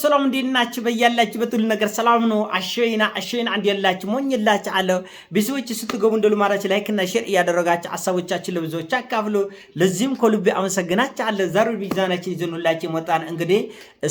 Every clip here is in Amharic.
ሰላም እንዴት ናችሁ? በያላችሁበት ሁሉ ነገር ሰላም ነው። አሸይና አሸይና አንድ ያላችሁ ሞኝላችሁ አለ ቤተሰቦች ስትገቡ እንደሉ ማራች ላይክ እና ሼር እያደረጋችሁ ሀሳቦቻችን ለብዙዎች አካፍሉ። ለዚህም ከልቤ አመሰግናችሁ አለ ዛሬ ቢዛናችን ይዘኑላችሁ የመጣን እንግዲህ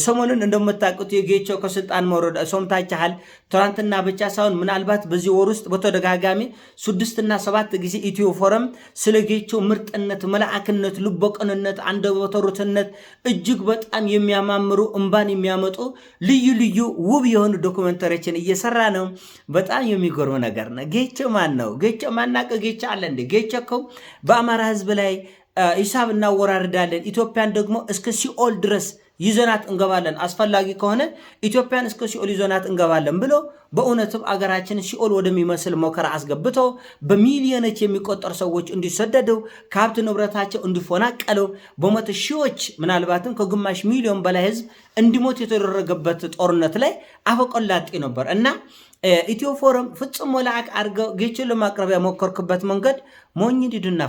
ሰሞኑን እንደምታውቁት የጌቾ ከስልጣን መውረድ ሰምታችኋል። ትናንትና ብቻ ሳይሆን ምናልባት በዚህ ወር ውስጥ በተደጋጋሚ ስድስትና ሰባት ጊዜ ኢትዮ ፎረም ስለ ጌቾ ምርጥነት፣ መልአክነት፣ ልበቅንነት፣ አንደበተሩትነት እጅግ በጣም የሚያማምሩ እምባን የሚያመ የሚወጡ ልዩ ልዩ ውብ የሆኑ ዶክመንተሪዎችን እየሰራ ነው። በጣም የሚገርም ነገር ነው። ጌቾ ማን ነው? ጌቾ ማናቀ ጌቾ አለ እንዴ? ጌቾ እኮ በአማራ ህዝብ ላይ ሂሳብ እናወራርዳለን ኢትዮጵያን ደግሞ እስከ ሲኦል ድረስ ይዘናት እንገባለን፣ አስፈላጊ ከሆነ ኢትዮጵያን እስከ ሲኦል ይዘናት እንገባለን ብሎ በእውነትም አገራችን ሲኦል ወደሚመስል ሞከራ አስገብቶ በሚሊዮኖች የሚቆጠሩ ሰዎች እንዲሰደደው ከሀብት ንብረታቸው እንዲፈናቀለው በመቶ ሺዎች ምናልባትም ከግማሽ ሚሊዮን በላይ ህዝብ እንዲሞት የተደረገበት ጦርነት ላይ አፈቆላጤ ነበር እና ኢትዮ ፎረም ፍጹም ወላቅ አድርገው ጌችን ለማቅረብ ያሞከርክበት መንገድ ሞኝ እንዲድና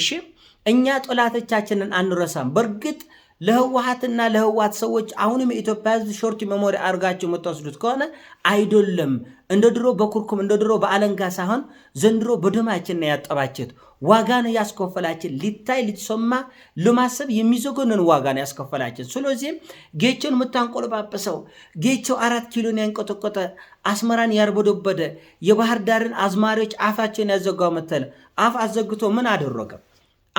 እሺ እኛ ጠላቶቻችንን አንረሳም። በእርግጥ ለህወሀትና ለህወሀት ሰዎች አሁንም የኢትዮጵያ ህዝብ ሾርት ሜሞሪ አድርጋቸው የምትወስዱት ከሆነ አይደለም። እንደ ድሮ በኩርኩም እንደ ድሮ በአለንጋ ሳይሆን ዘንድሮ በደማችን ያጠባችት ዋጋ ነው ያስከፈላችን። ሊታይ ሊሰማ ለማሰብ የሚዘገንን ዋጋ ነው ያስከፈላችን። ስለዚህም ጌቸውን የምታንቆልባበሰው ጌቸው አራት ኪሎን ያንቆጠቆጠ አስመራን ያርበደበደ የባህር ዳርን አዝማሪዎች አፋቸውን ያዘጋው መተለ አፍ አዘግቶ ምን አደረገ?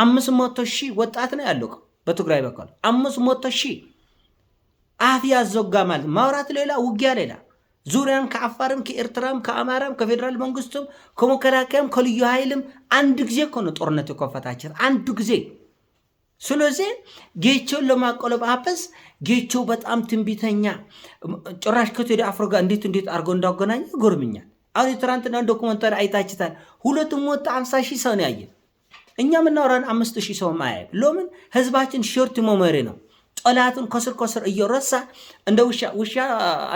አምስት መቶ ሺህ ወጣት ነው ያለቀው። በትግራይ በኩል አምስት መቶ ሺህ አፍ ያዘጋ ማለት ማውራት ሌላ ውጊያ ሌላ ዙሪያን ከአፋርም ከኤርትራም ከአማራም ከፌዴራል መንግስቱም ከመከላከያም ከልዩ ኃይልም አንድ ጊዜ ከሆነ ጦርነት የከፈታችን አንዱ ጊዜ። ስለዚህ ጌቾን ለማቆለጳጰስ ጌቸው በጣም ትንቢተኛ ጭራሽ ከቶ ወደ አፍሮ ጋር እንዴት እንዴት አድርጎ እንዳገናኘ ጎርምኛል። አሁን የትናንትና ዶኩመንታሪ አይታችታል። ሁለት ሞት አምሳ ሺህ ሰው ነው ያየን እኛ የምናወራን አምስት ሺህ ሰው ማያይ ሎምን ህዝባችን ሽርት ሞመሪ ነው። ጠላቱን ከስር ከስር እየረሳ እንደ ውሻ ውሻ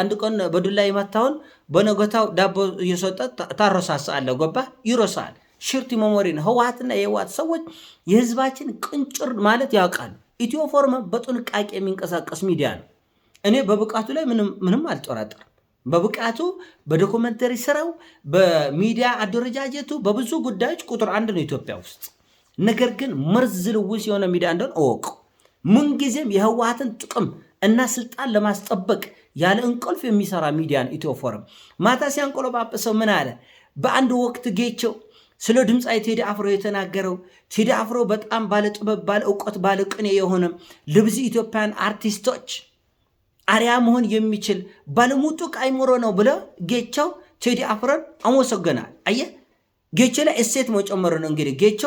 አንድ ቀን በዱላ የመታውን በነገታው ዳቦ እየሰጠ ታረሳሳለ። ጎባ ይረሳል። ሽርት ሞመሪ ነው። ህወሓትና የህወሓት ሰዎች የህዝባችን ቅንጭር ማለት ያውቃሉ። ኢትዮ ፎርም በጥንቃቄ የሚንቀሳቀስ ሚዲያ ነው። እኔ በብቃቱ ላይ ምንም አልጠራጠርም። በብቃቱ በዶኩመንተሪ ስራው፣ በሚዲያ አደረጃጀቱ፣ በብዙ ጉዳዮች ቁጥር አንድ ነው ኢትዮጵያ ውስጥ ነገር ግን መርዝ ልውስ የሆነ ሚዲያ እንደሆነ እወቁ። ምንጊዜም የህወሓትን ጥቅም እና ስልጣን ለማስጠበቅ ያለ እንቅልፍ የሚሰራ ሚዲያን ኢትዮ ፎረም ማታ ሲያንቆለጳጵሰው ምን አለ? በአንድ ወቅት ጌቸው ስለ ድምፃዊ ቴዲ አፍሮ የተናገረው ቴዲ አፍሮ በጣም ባለጥበብ፣ ባለ እውቀት፣ ባለ ቅኔ የሆነ ልብዙ ኢትዮጵያን አርቲስቶች አሪያ መሆን የሚችል ባለሙጡቅ አይምሮ ነው ብለ ጌቸው ቴዲ አፍሮን አመሰገናል። አየ ጌቾ ላይ እሴት መጨመር ነው። እንግዲህ ጌቾ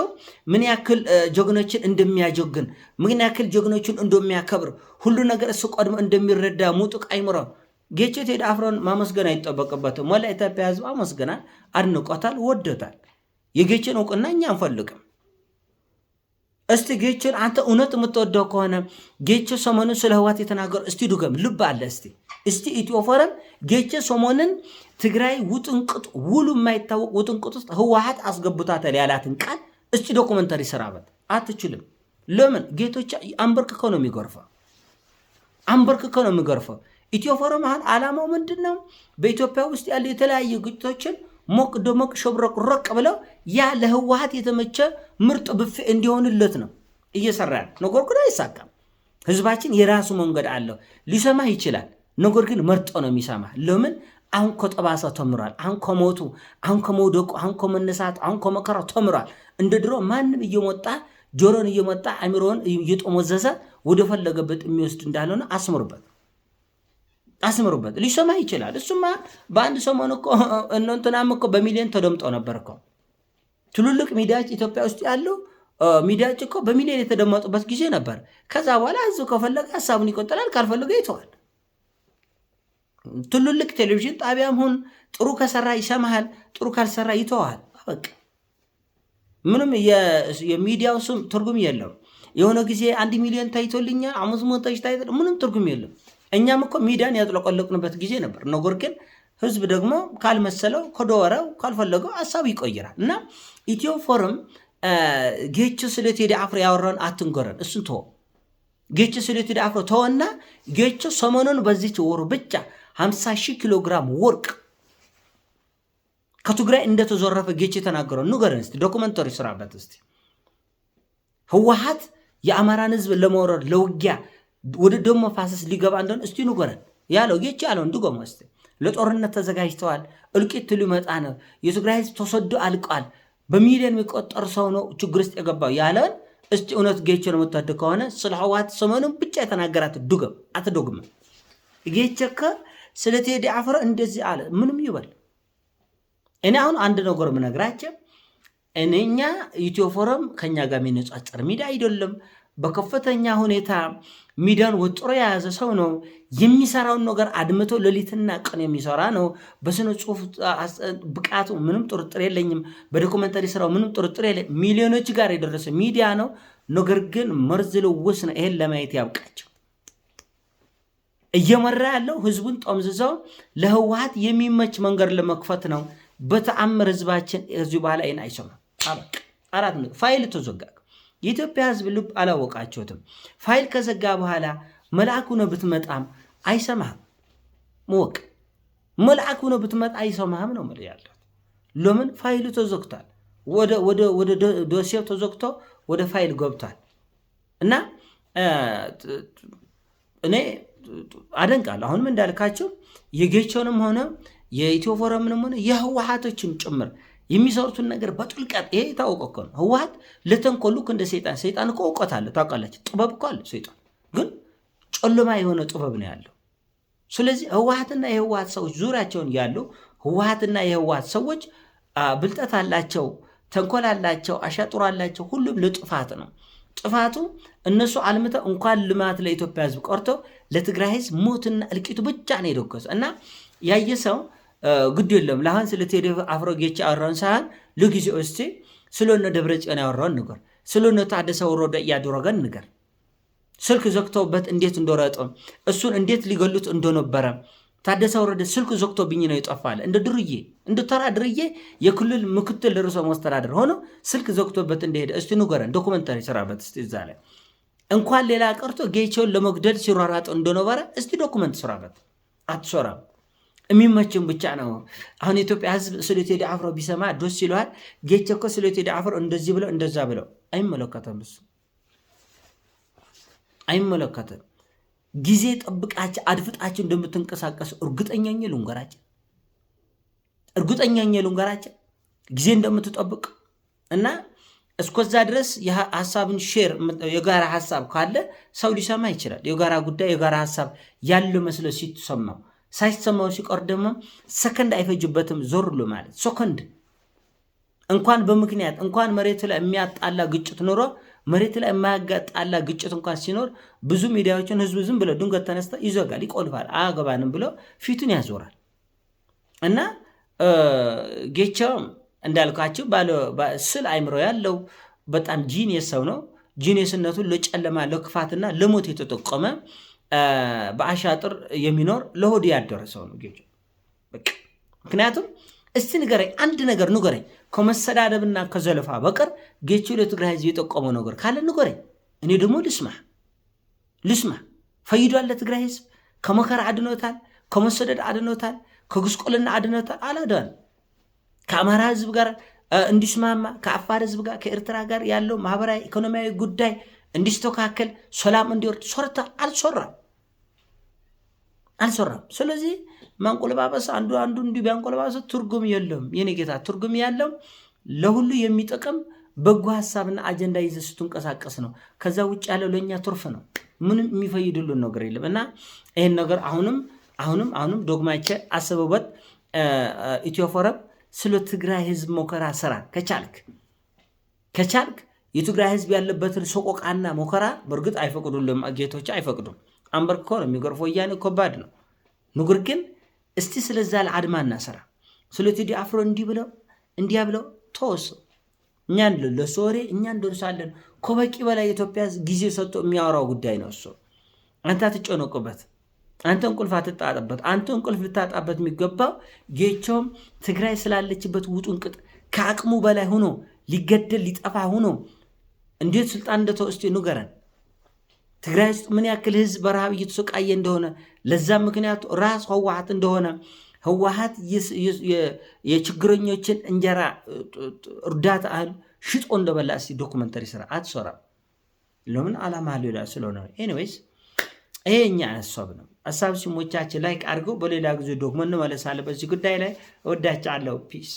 ምን ያክል ጀግኖችን እንደሚያጀግን ምን ያክል ጀግኖችን እንደሚያከብር ሁሉ ነገር እሱ ቀድሞ እንደሚረዳ ሙጡቅ አይምሮ ጌቾ ትሄድ አፍሮን ማመስገን አይጠበቅበትም። ወላ ኢትዮጵያ ህዝብ አመስገናል፣ አድንቆታል፣ ወደታል። የጌቾን እውቅና እኛ አንፈልግም። እስቲ ጌቾን አንተ እውነት የምትወደው ከሆነ ጌቾ ሰሞኑን ስለ ህዋት የተናገሩ እስቲ ዱገም ልብ አለ እስቲ እስቲ ኢትዮፎረም ጌቾ ሰሞኑን ትግራይ ውጥንቅጥ ውሉ የማይታወቅ ውጥንቅጥ ውስጥ ህወሓት አስገብቷታል ያላትን ቃል እስቲ ዶኩመንተሪ ስራበት። አትችልም። ለምን ጌቶች አንበርክከው ነው የሚጎርፈው፣ አንበርክከው ነው የሚጎርፈው። ኢትዮ ፎረም አሁን ዓላማው ምንድን ነው? በኢትዮጵያ ውስጥ ያሉ የተለያዩ ግጭቶችን ሞቅ ደሞቅ ሸብረቅ ረቅ ብለው ያ ለህወሓት የተመቸ ምርጥ ብፌ እንዲሆንለት ነው እየሰራ ያለ። ነገር ግን አይሳካም። ህዝባችን የራሱ መንገድ አለው። ሊሰማህ ይችላል። ነገር ግን መርጦ ነው የሚሰማህ። ለምን አሁን ከጠባሳ ተምሯል። አሁን ከሞቱ፣ አሁን ከመውደቁ፣ አሁን ከመነሳት፣ አሁን ከመከራ ተምሯል። እንደ ድሮ ማንም እየመጣ ጆሮን እየመጣ አሚሮን እየጠሞዘዘ ወደ ፈለገበት የሚወስድ እንዳልሆነ አስምሩበት፣ አስምሩበት። ሊሰማ ይችላል። እሱማ በአንድ ሰሞን እኮ እንትናም እኮ በሚሊዮን ተደምጦ ነበር እኮ ትልልቅ ሚዲያዎች ኢትዮጵያ ውስጥ ያሉ ሚዲያዎች እኮ በሚሊዮን የተደመጡበት ጊዜ ነበር። ከዛ በኋላ ህዝብ ከፈለገ ሀሳቡን ይቆጠላል፣ ካልፈለገ ይተዋል። ትልልቅ ቴሌቪዥን ጣቢያም ሁን ጥሩ ከሰራ ይሰማሃል፣ ጥሩ ካልሰራ ይተዋል። በቃ ምንም የሚዲያው ስም ትርጉም የለም። የሆነ ጊዜ አንድ ሚሊዮን ታይቶልኛል፣ አምስት ታይ ታይቶ ምንም ትርጉም የለም። እኛም እኮ ሚዲያን ያጥለቀለቅንበት ጊዜ ነበር። ነገር ግን ህዝብ ደግሞ ካልመሰለው ከዶወረው ካልፈለገው ሀሳብ ይቆይራል እና ኢትዮ ፎረም ጌቹ ስለቴዲ አፍሮ ያወራውን አትንገረን፣ እሱን ተወ። ጌቹ ስለቴዲ አፍሮ ተወና ጌቹ ሰሞኑን በዚች ወሩ ብቻ 50 ሺህ ኪሎ ግራም ወርቅ ከትግራይ እንደተዘረፈ ጌች የተናገረው ንገረን እስቲ፣ ዶኩመንተሪ ስራበት እስቲ። ህወሓት የአማራን ህዝብ ለመውረር ለውጊያ ወደ ደም መፋሰስ ሊገባ እንደሆነ እስቲ ንገረን ያለው ጌች ያለው እንድጎመ እስቲ። ለጦርነት ተዘጋጅተዋል፣ እልቂት ሊመጣ ነው፣ የትግራይ ህዝብ ተሰዶ አልቋል፣ በሚሊዮን የሚቆጠር ሰው ነው ችግር ውስጥ የገባው ያለን እስቲ እውነት ጌቸ ለመታደግ ከሆነ ስለ ህወሓት ሰሞኑን ብቻ የተናገራት ዱገም አትዶግም ጌቸ ስለ ቴዲ አፍሮ እንደዚህ አለ። ምንም ይበል። እኔ አሁን አንድ ነገር ምነግራቸው እኔኛ ኢትዮ ፎረም ከኛ ጋር የሚነጻጸር ሚዲያ አይደለም። በከፍተኛ ሁኔታ ሚዲያን ወጥሮ የያዘ ሰው ነው። የሚሰራውን ነገር አድምቶ ሌሊትና ቀን የሚሰራ ነው። በስነ ጽሁፍ ብቃቱ ምንም ጥርጥር የለኝም። በዶኩመንተሪ ስራው ምንም ጥርጥር የለ። ሚሊዮኖች ጋር የደረሰ ሚዲያ ነው። ነገር ግን መርዝ ልውስ ነው። ይሄን ለማየት ያብቃቸው። እየመራ ያለው ህዝቡን ጠምዝዘው ለህወሀት የሚመች መንገድ ለመክፈት ነው። በተአምር ህዝባችን ከዚህ በኋላ ይህን አይሰማም። አራት ፋይል ተዘጋ። የኢትዮጵያ ህዝብ ልብ አላወቃቸውትም። ፋይል ከዘጋ በኋላ መልአክ ሆነ ብትመጣም አይሰማህም። መወቅ መልአክ ሆነ ብትመጣ አይሰማህም ነው ምል ያለት። ለምን ፋይሉ ተዘግቷል። ወደ ዶሴው ተዘግቶ ወደ ፋይል ገብቷል እና እኔ አደንቃለሁ። አሁንም እንዳልካቸው የጌቸውንም ሆነ የኢትዮ ፎረምንም ሆነ የህወሀቶችም ጭምር የሚሰሩትን ነገር በጥልቀት ይሄ የታወቀ እኮ ነው። ህወሀት ለተንኮል ልክ እንደ ሰይጣን ሰይጣን እኮ እውቀት አለ ታውቃላችሁ፣ ጥበብ እኮ አለ ሰይጣን ግን ጨለማ የሆነ ጥበብ ነው ያለው። ስለዚህ ህወሀትና የህወሀት ሰዎች ዙሪያቸውን ያሉ ህወሀትና የህወሀት ሰዎች ብልጠት አላቸው፣ ተንኮል አላቸው፣ አሻጡር አላቸው። ሁሉም ለጥፋት ነው። ጥፋቱ እነሱ አልምተው እንኳን ልማት ለኢትዮጵያ ህዝብ ቆርቶ ለትግራይ ህዝብ ሞትና እልቂቱ ብቻ ነው የደገሱ እና ያየ ሰው ግድ የለም። ለአሁን ስለ ቴዲ አፍሮ ጌቻ ያወራውን ሳይሆን ለጊዜው እስቲ ስለነ ደብረ ጽዮን ያወራውን ንገር፣ ስለነ ታደሰ ወረደ እያደረገን ንገር። ስልክ ዘግተውበት እንዴት እንደረጡ እሱን እንዴት ሊገሉት እንደነበረ ታደሰ ወረደ ስልክ ዘግቶብኝ ነው ይጠፋለ እንደ ድርዬ እንደ ተራ ድርዬ የክልል ምክትል ርዕሰ መስተዳደር ሆኖ ስልክ ዘግቶበት እንደሄደ እስቲ ንገረን። ዶኩመንታሪ ስራበት እስቲ እዛ ላይ እንኳን ሌላ ቀርቶ ጌቸውን ለመግደል ሲሯራጥ እንደነበረ እስቲ ዶኩመንት ስራበት። አትሰራም። የሚመችን ብቻ ነው። አሁን የኢትዮጵያ ሕዝብ ስለ ቴዲ አፍሮ ቢሰማ ደስ ይለዋል። ጌቸ እኮ ስለ ቴዲ አፍሮ እንደዚህ ብለው እንደዛ ብለው አይመለከተም፣ እሱ አይመለከተም። ጊዜ ጠብቃችሁ አድፍጣችሁ እንደምትንቀሳቀሱ እርግጠኛ ነኝ ልንገራችሁ፣ እርግጠኛ ልንገራችሁ ጊዜ እንደምትጠብቅ እና እስከዛ ድረስ ሀሳብን ሼር የጋራ ሀሳብ ካለ ሰው ሊሰማ ይችላል። የጋራ ጉዳይ የጋራ ሀሳብ ያለ መስለ ሲሰማው ሳይሰማው ሲቀር ደግሞ ሰከንድ አይፈጅበትም ዞር ማለት ሰከንድ እንኳን በምክንያት እንኳን መሬት ላይ የሚያጣላ ግጭት ኖሮ መሬት ላይ የማያጋጣላ ግጭት እንኳን ሲኖር ብዙ ሚዲያዎችን ህዝብ ዝም ብሎ ድንገት ተነስተ ይዘጋል፣ ይቆልፋል፣ አያገባንም ብለው ፊቱን ያዞራል እና ጌቻውም እንዳልኳቸው ስል አይምሮ ያለው በጣም ጂኒየስ ሰው ነው። ጂኒየስነቱን ለጨለማ ለክፋትና ለሞት የተጠቆመ በአሻጥር የሚኖር ለሆድ ያደረ ሰው ነው ጌቻ። ምክንያቱም እስቲ ንገረኝ፣ አንድ ነገር ንገረኝ ከመሰዳደብና ከዘለፋ በቀር ጌቹ ለትግራይ ህዝብ የጠቆመው ነገር ካለ ንገረኝ። እኔ ደግሞ ልስማ ልስማ። ፈይዷል፣ ለትግራይ ህዝብ ከመከራ አድኖታል፣ ከመሰደድ አድኖታል፣ ከጉስቆልና አድኖታል። አላዳን ከአማራ ህዝብ ጋር እንዲስማማ ከአፋር ህዝብ ጋር ከኤርትራ ጋር ያለው ማህበራዊ ኢኮኖሚያዊ ጉዳይ እንዲስተካከል ሰላም እንዲወርድ ሰርታ አልሰራም አልሰራም። ስለዚህ ማንቆለባበስ አንዱ አንዱ እንዲሁ ቢያንቆለባበስ ትርጉም የለውም። የኔ ጌታ ትርጉም ያለው ለሁሉ የሚጠቅም በጎ ሀሳብና አጀንዳ ይዘ ስትንቀሳቀስ ነው። ከዛ ውጭ ያለው ለእኛ ትርፍ ነው። ምንም የሚፈይድልን ነገር የለም እና ይህን ነገር አሁንም አሁንም አሁንም ዶግማቸ አስበበት። ኢትዮፎረም ስለ ትግራይ ህዝብ ሞከራ ስራ ከቻልክ ከቻልክ የትግራይ ህዝብ ያለበትን ሰቆቃና ሞከራ በእርግጥ አይፈቅዱልም ጌቶች አይፈቅዱም። አንበርክኮ ነው የሚገርፎ ወያኔ ከባድ ነው ንጉር ግን እስቲ ስለዛ ለአድማ እናሰራ ስለ ቴዲ አፍሮ እንዲህ ብለው እንዲያ ብለው እኛ ለሱ ወሬ እኛ እንደርሳለን። ከበቂ በላይ የኢትዮጵያ ጊዜ ሰጥቶ የሚያወራው ጉዳይ ነው እሱ። አንተ አትጨነቁበት፣ አንተ እንቁልፍ አትጣጥበት አንተ እንቁልፍ ልታጣበት የሚገባው ጌቸውም ትግራይ ስላለችበት ውጡንቅጥ ከአቅሙ በላይ ሆኖ ሊገደል ሊጠፋ ሆኖ እንዴት ስልጣን እንደተወስዶ ንገረን። ትግራይ ውስጥ ምን ያክል ህዝብ በረሃብ እየተሰቃየ እንደሆነ ለዛም ምክንያቱ ራስ ህወሓት እንደሆነ ህወሓት የችግረኞችን እንጀራ እርዳታ እህል ሽጦ እንደበላ እስቲ ዶኩመንተሪ ስራ አትሰራም። ለምን አላማ ሌላ ስለሆነ። ኤኒዌይስ ይሄ እኛ ሀሳብ ነው። ሀሳብ ሲሞቻችን ላይ አድርገው በሌላ ጊዜ ዶክመንት እንመለሳለን። በዚህ ጉዳይ ላይ እወዳችኋለሁ። ፒስ